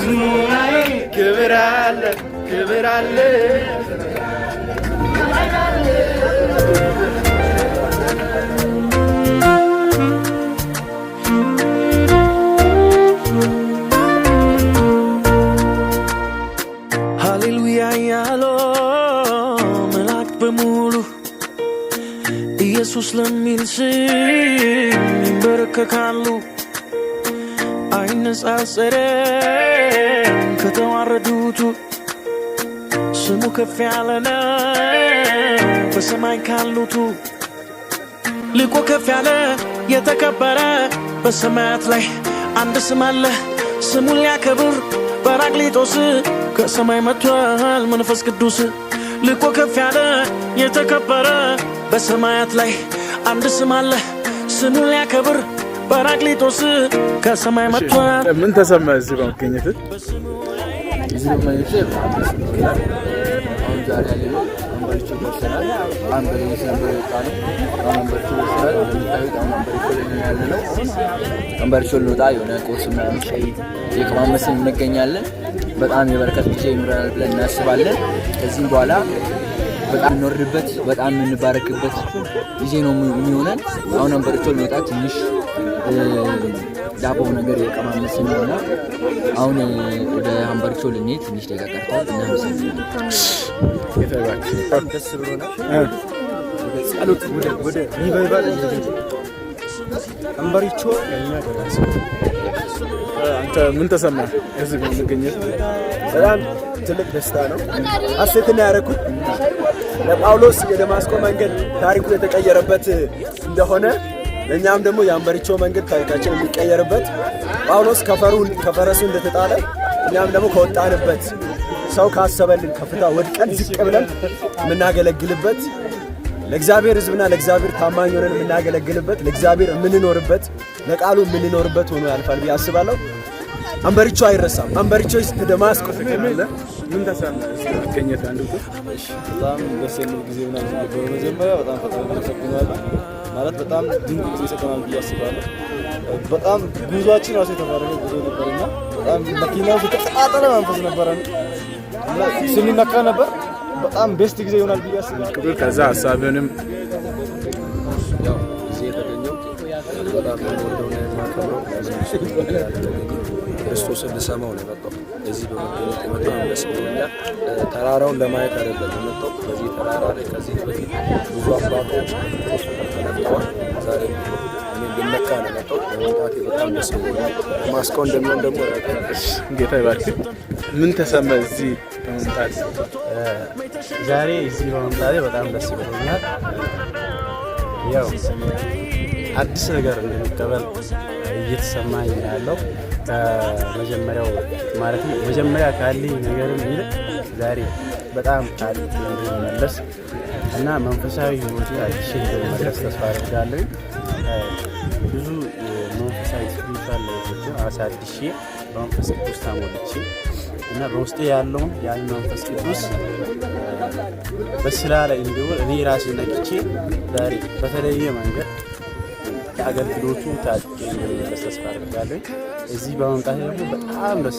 በመዝሙ ላይ ክብር አለ ክብር አለ በሙሉ ኢየሱስ ለሚል ስም ይንበረከካሉ አይነጻጸረ ከተዋረዱቱ ስሙ ከፍ ያለ ነው በሰማይ ካሉቱ ልቆ ከፍ ያለ የተከበረ በሰማያት ላይ አንድ ስም አለ ስሙን ሊያከብር ጰራቅሊጦስ ከሰማይ መጥቷል መንፈስ ቅዱስ ልቆ ከፍ ያለ የተከበረ በሰማያት ላይ አንድ ስም አለ ስሙን ሊያከብር ጰራቅሊጦስ ከሰማይ መጥቷል። ምን ተሰማህ እዚህ በመገኘት? አንበሪቾ ልወጣ የሆነ ቁርስ የቀማመስን እንገኛለን። በጣም የበረከት ጊዜ ይኖረናል ብለን እናስባለን። ከዚህም በኋላ በጣም እንወርድበት፣ በጣም የምንባረክበት ጊዜ ነው የሚሆነን። አሁን አንበሪቾ ልንወጣ ትንሽ ዳቦው ነገር የቀማመስ ነውና አሁን ወደ ሀምበሪቾ ልንሄድ ትንሽ ደጋ ቀርቷል። እና ደስ ብሎና ወደ ሪቫይቫል ሀምበሪቾ አንተ ምን ተሰማህ? እዚህ በመገኘት በጣም ትልቅ ደስታ ነው። ሀሴትን ያደረኩት ለጳውሎስ የደማስቆ መንገድ ታሪኩ የተቀየረበት እንደሆነ እኛም ደግሞ የሀምበሪቾ መንገድ ታሪካችን የሚቀየርበት ጳውሎስ ከፈረሱ እንደተጣለ እኛም ደግሞ ከወጣንበት ሰው ካሰበልን ከፍታ ወድቀን ዝቅ ብለን የምናገለግልበት ለእግዚአብሔር ሕዝብና ለእግዚአብሔር ታማኝ ሆነን የምናገለግልበት ለእግዚአብሔር የምንኖርበት ለቃሉ የምንኖርበት ሆኖ ያልፋል ብዬ አስባለሁ። አንበሪቾ አይረሳም። አንበሪቾ ስ ደማስቆ። ምን ታስባለህ? አንዱ በጣም ደስ የሚል ጊዜ ምናምን ነበር። በጣም ፈጥሮ ሰግናለ ማለት በጣም ድንቅ ጊዜ ሰጠናል ብዬ አስባለሁ። በጣም ጉዟችን ራሱ የተባረከ ጉዞ ነበር ነበርና በጣም መኪናው የተቀጣጠለ መንፈስ ነበረን። ስንነካ ነበር በጣም ቤስት ጊዜ ይሆናል ብዬ አስባለሁ። ክብር ከዛ ሀሳብንም ያው ጊዜ የተገኘው በጣም ወደሆነ ማከብረው ክርስቶስን ልሰማው ነው የመጣው። እዚህ በመገኘት የመጣው ያስብሎኛ ተራራውን ለማየት አይደለም የመጣው። በዚህ ተራራ ላይ ከዚህ በፊት ብዙ አባቶች ተነጥተዋል። ዛሬ እኔ ልመካ ነው የመጣው። በመምጣቴ በጣም ደስ ብሎኛል። ማስካው እንደሚሆን ደግሞ ጌታ ይባርክ። ምን ተሰማ እዚህ በመምጣት? ዛሬ እዚህ በመምጣቴ በጣም ደስ ብሎኛል። ያው አዲስ ነገር እንደሚቀበል እየተሰማኝ ያለው ከመጀመሪያው ማለትም መጀመሪያ ካለኝ ነገርም ይልቅ ዛሬ በጣም አሪፍ እንደሚመለስ እና መንፈሳዊ ሕይወቴ አዲስ እንደሚመለስ ተስፋ አደርጋለሁ። ብዙ መንፈሳዊ ስፒሪቹዋል ላይፎችን አሳድሼ በመንፈስ ቅዱስ ታሞልቼ እና በውስጤ ያለውን ያን መንፈስ ቅዱስ በስራ ላይ እንዲሆን እኔ ራሴ ነቅቼ ዛሬ በተለየ መንገድ የአገልግሎቱ ታጥቄ እንደሚመለስ ተስፋ አደርጋለሁ። እዚህ በመምጣት ደግሞ በጣም ደስ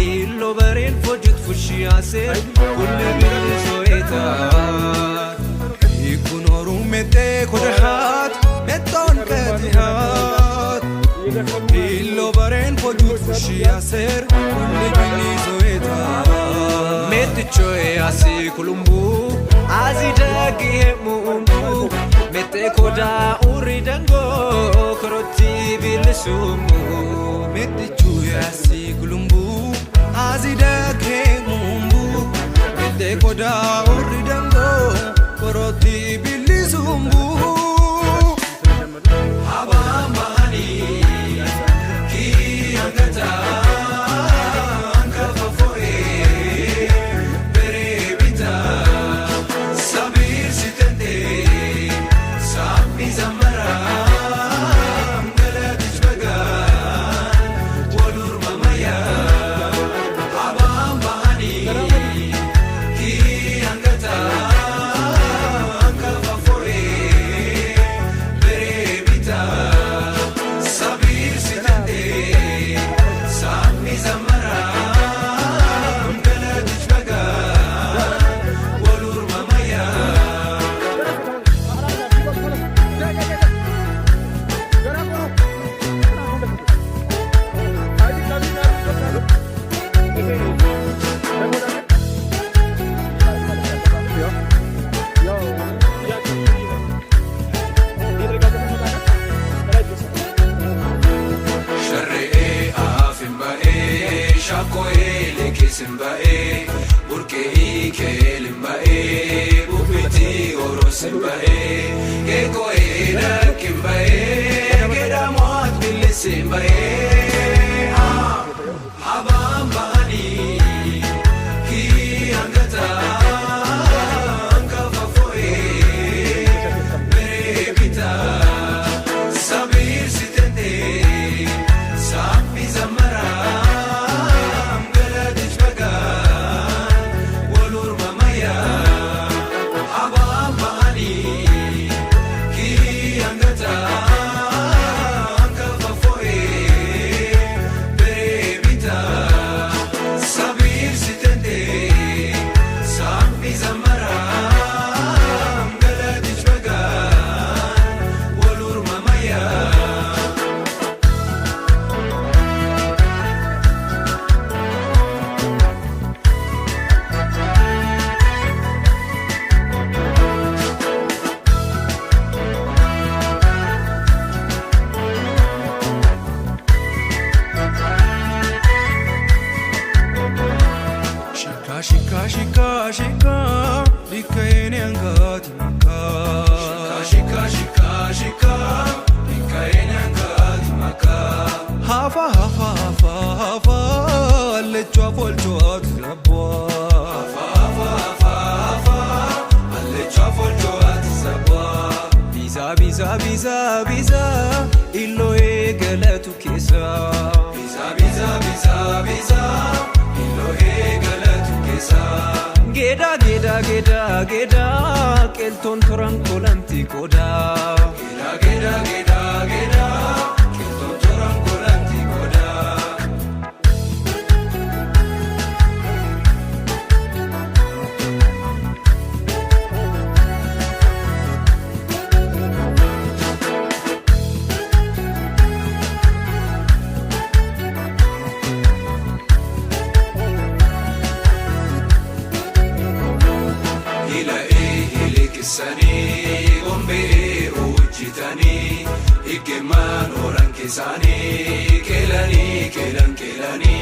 ይሎበሬን ፎጅት ፉሽያሴ ሁሌ ብርሶ kodhaad nettoon katihaad illo bareen kojuu kushiyaaseer kulli bilii zoetaa metichoe asi kulumbuu asi dagihe muumbuu mette kodaa urri dangoo koroti bilisumbuu metichoe asi kulumbuu asi dagihe muumbuu mette kodaa simba'ee burqee keelimba'ee bukmetii orosimba'ee keeko'ee nakkimba'ee kedhamoot billeesimba'ee. ገለቱ ኬሳ ቢዛ ቢዛ ቢዛ ኢሎሄ ገለቱ ኬሳ ጌዳ ጌዳ ጌዳ ጌዳ ቄልቶን ቶራን ኮላንቲ ቆዳ ጌዳ ጌዳ ጌዳ ጌዳ keessanii gombee hojjetanii hiikeemaan horan keessanii kelani keelan keelanii.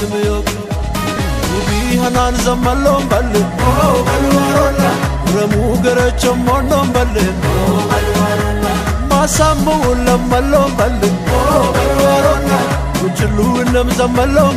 ትምዮት በል ረሙ ገረቸም ሞኖን በል ማሳምውን በል ቁንጭሉንም ዘመሎን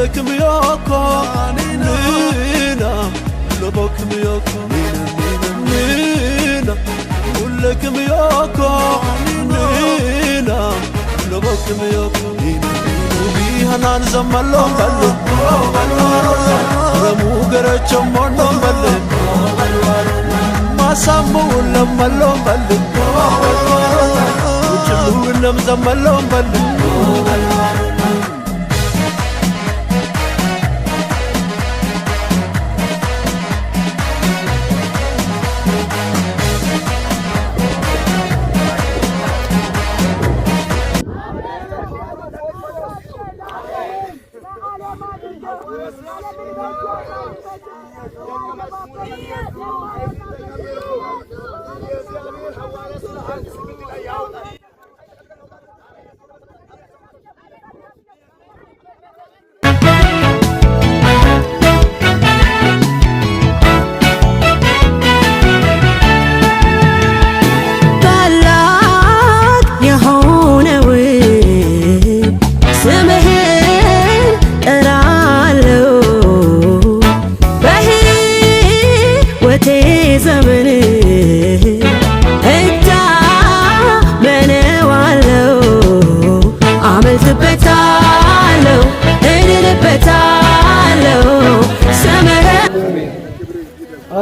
لكم ياكم نينا لبكم ياكم نينا ولكم ياكم نينا لبكم ياكم وبيها نان لهم بلو رمو قرأتشم مونهم بلو ما سمون لما لهم بلو وجلو لمزمل لهم بلو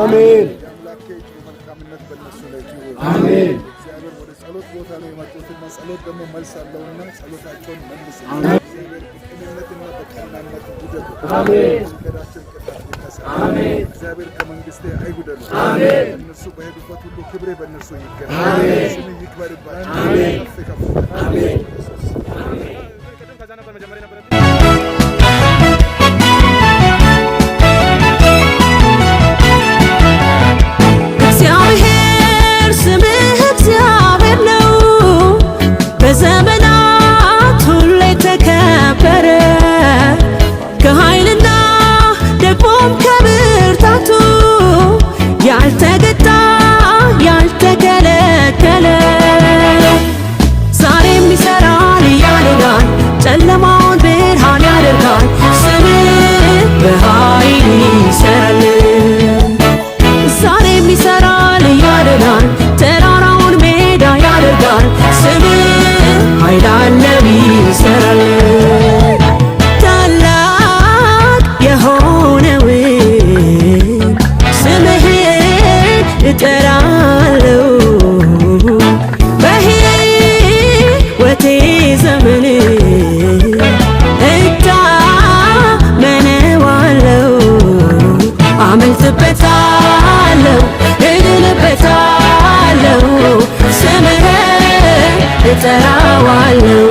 አሜን። መልካምነት በነሱ ላይ አሜን። እግዚአብሔር ወደ ጸሎት ቦታ ላይ የመጡትና ጸሎት ደግሞ መልስ አለውና ጸሎታቸውን መልስ በቅንነትና በቀናነት ጉደሉ። እግዚአብሔር ከመንግስቴ አይጉደሉ። እነሱ በሄዱበት ሁሉ ክብሬ በእነሱ ይገ ስም ይክበርባቸው I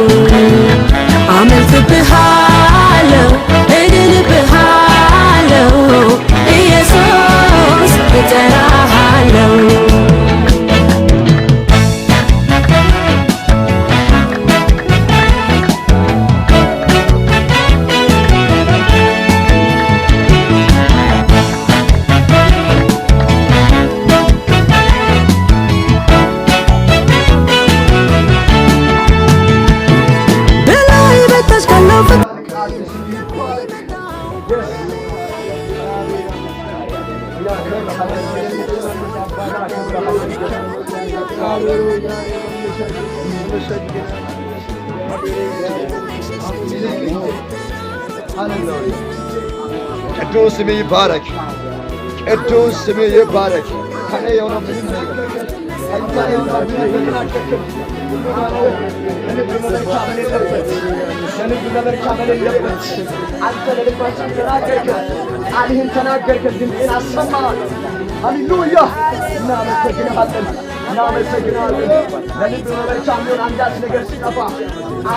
Kedro Simi Barek Kedro Simi Barek Kale yolunda Kale yolunda ንግድ መመርቻ በሌለበት ለንግድ መመርቻ በሌለበት አንተ ለልባችን ተናገርከ፣ ቃልህን ተናገርከ፣ ድምፅን አሰማል። ሃሌሉያ! እናመሰግንሃለን፣ እናመሰግንሃለን። ለንግድ መመርቻ የሚሆን አንዳች ነገር ሲጠፋ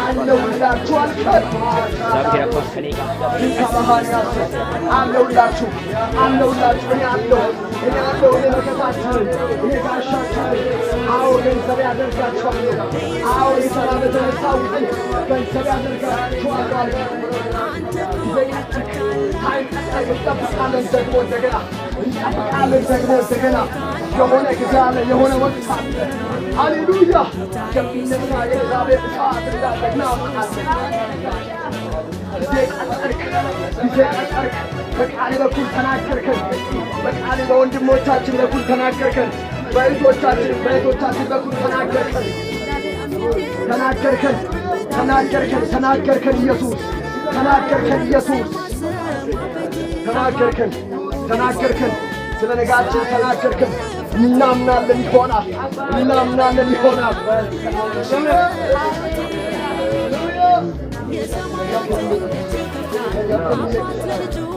አለሁላችሁ አልከን። አለሁላችሁ፣ አለሁላችሁ፣ አለሁ እናንተ ወደ በረከታችን እየጋሻችን አዎ ገንዘብ ያደርጋችኋል። አዎ የሰራ በተነሳውትን ገንዘብ ያደርጋችኋል። ጊዜያችን ሀይል ጠብቃለን ደግሞ እንደገና እንጠብቃለን ደግሞ እንደገና የሆነ ጊዜ አለ፣ የሆነ ወቅት አለ። ሃሌሉያ የሚነሳ የእግዚአብሔር ሰዓት እንዳለና ጊዜ ቀጠርክ፣ ጊዜ ቀጠርክ። በቃል በኩል ተናገርከን፣ በቃል በወንድሞቻችን በኩል ተናገርከን፣ በእህቶቻችን በእህቶቻችን በኩል ተናገርከን፣ ተናገርከን፣ ተናገርከን፣ ተናገርከን ኢየሱስ ተናገርከን ኢየሱስ ተናገርከን ተናገርከን ስለ ነጋችን ተናገርከን። እናምናለን ይሆናል። እናምናለን ይሆናል። የሰማያት